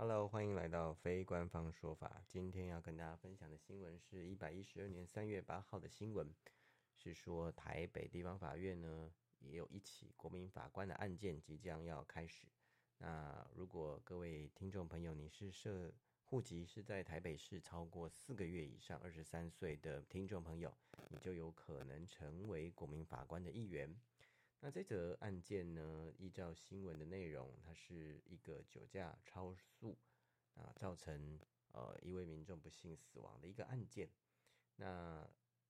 Hello，歡迎來到非官方說法。今天要跟大家分享的新聞是，一百一十二年三月八號的新聞，是說台北地方法院呢也有一起國民法官的案件即將要開始。那如果各位聽眾朋友你是設戶籍是在台北市超過四個月以上二十三歲的聽眾朋友，你就有可能成為國民法官的一員。那這則案件呢，依照新聞的內容，它是一個酒駕超速啊、呃，造成呃一位民眾不幸死亡的一個案件。那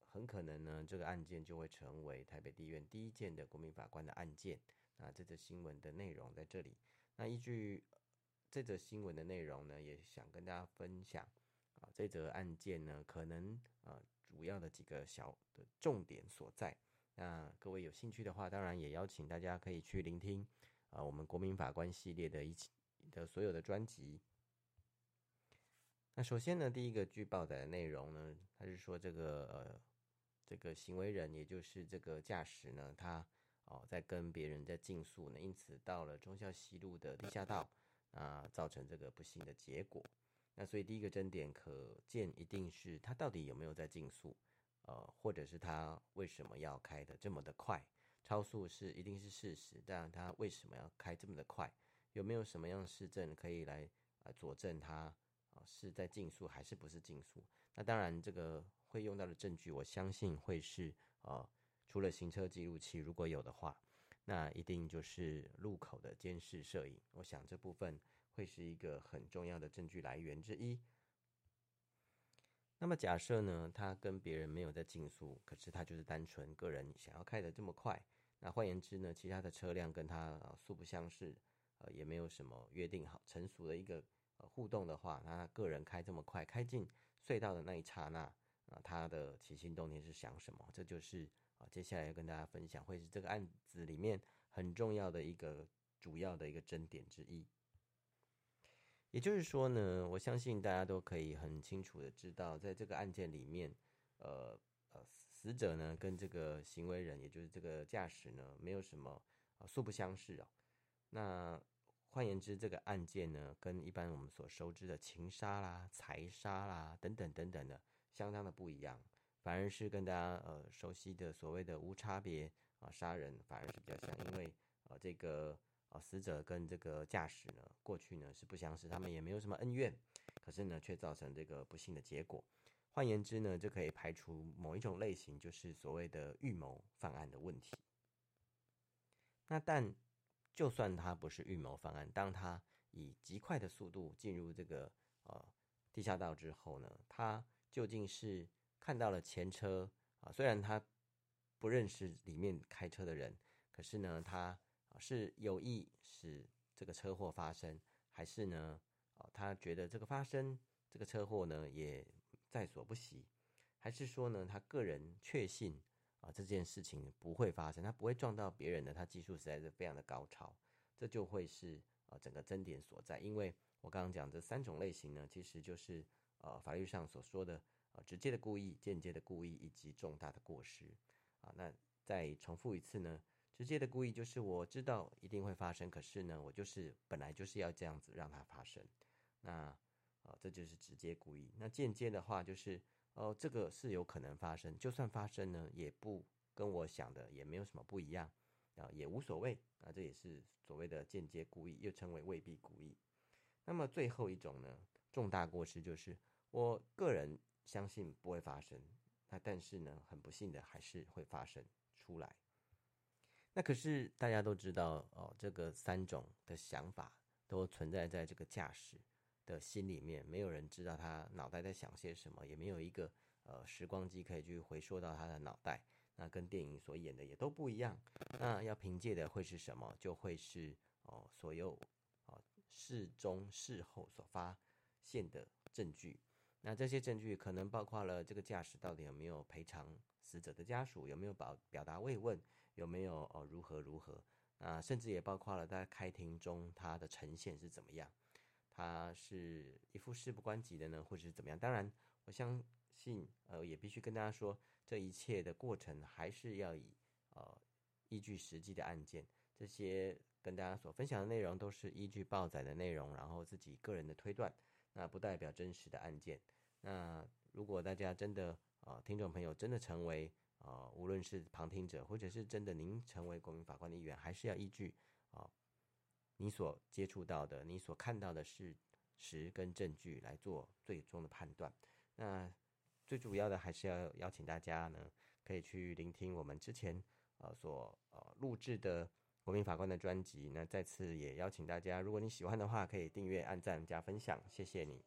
很可能呢，這個案件就會成為台北地院第一件的國民法官的案件啊。那這則新聞的內容在這裡。那依據這則新聞的內容呢，也想跟大家分享啊、呃，這則案件呢，可能啊、呃，主要的幾個小的重點所在。那各位有興趣的話，當然也邀請大家可以去聆聽啊、呃，我們國民法官系列的一起的所有的專輯。那首先呢，第一個據報載的內容呢，他是說這個呃，這個行為人也就是這個駕駛呢，他哦、呃、在跟別人在競速呢，因此到了忠孝西路的地下道，啊、呃，造成這個不幸的結果。那所以第一個爭點可見一定是他到底有沒有在競速。呃，或者是他為什麼要開的這麼的快？超速是一定是事實，但他為什麼要開這麼的快？有沒有什麼樣的事證可以來、呃、佐證他是在競速還是不是競速？那當然，這個會用到的證據，我相信會是呃除了行車記錄器，如果有的話，那一定就是路口的監視攝影。我想這部分會是一個很重要的證據來源之一。那麼假設呢，他跟別人沒有在競速，可是他就是單純個人想要開得這麼快。那換言之呢，其他的車輛跟他、啊、素不相識，呃，也沒有什麼約定好成熟的一個、呃、互動的話，那他個人開這麼快，開進隧道的那一剎那，啊，他的起心動念是想什麼？這就是啊，接下來要跟大家分享，會是這個案子裡面很重要的一個主要的一個爭點之一。也就是說呢，我相信大家都可以很清楚的知道，在這個案件裡面，呃呃，死者呢跟這個行為人，也就是這個駕駛呢，沒有什麼、呃、素不相識哦，那換言之，這個案件呢，跟一般我們所熟知的情殺啦、財殺啦等等等等的，相當的不一樣，反而是跟大家呃熟悉的所謂的無差別啊殺人，反而是比較像，因為呃這個。死者跟這個駕駛呢，過去呢是不相識，他們也沒有什麼恩怨，可是呢卻造成這個不幸的結果。換言之呢，就可以排除某一種類型，就是所謂的預謀犯案的問題。那但就算他不是預謀犯案，當他以極快的速度進入這個呃地下道之後呢，他究竟是看到了前車啊，雖然他不認識裡面開車的人，可是呢他。是有意使這個車禍發生，還是呢？啊、呃，他覺得這個發生這個車禍呢也在所不惜，還是說呢他個人確信啊、呃、這件事情不會發生，他不會撞到別人的，他技術實在是非常的高超，這就會是啊、呃、整個爭點所在。因為我剛剛講這三種類型呢，其實就是呃法律上所說的呃直接的故意、間接的故意以及重大的過失啊、呃。那再重複一次呢？直接的故意就是我知道一定會發生，可是呢，我就是本來就是要這樣子讓它發生，那、呃、這就是直接故意。那間接的話就是哦、呃，這個是有可能發生，就算發生呢，也不跟我想的也沒有什麼不一樣啊、呃，也無所謂啊、呃，這也是所謂的間接故意，又稱為未必故意。那麼最後一種呢，重大過失就是我個人相信不會發生，那但是呢，很不幸的還是會發生出來。那可是大家都知道哦，這個三種的想法都存在在這個駕駛的心裡面，沒有人知道他腦袋在想些什麼，也沒有一個呃時光機可以去回溯到他的腦袋。那跟電影所演的也都不一樣。那要憑借的會是什麼？就會是哦，所有哦事中事後所發現的證據。那這些證據可能包括了這個駕駛到底有沒有賠償死者的家屬，有沒有表表達慰問。有沒有哦？如何如何？啊，甚至也包括了在開庭中他的呈現是怎麼樣？他是一副事不關己的呢，或者是怎麼樣？當然，我相信，呃，也必須跟大家說，這一切的過程還是要以呃依據實際的案件。這些跟大家所分享的內容都是依據報載的內容，然後自己個人的推斷，那不代表真實的案件。那如果大家真的啊，聽眾朋友真的成為。啊、呃，無論是旁聽者，或者是真的您成為國民法官的一員，還是要依據啊、呃、你所接觸到的、你所看到的事實跟證據來做最終的判斷。那最主要的還是要邀請大家呢，可以去聆聽我們之前呃所呃錄製的國民法官的專輯。那再次也邀請大家，如果你喜歡的話，可以訂閱、按讚、加分享，謝謝你。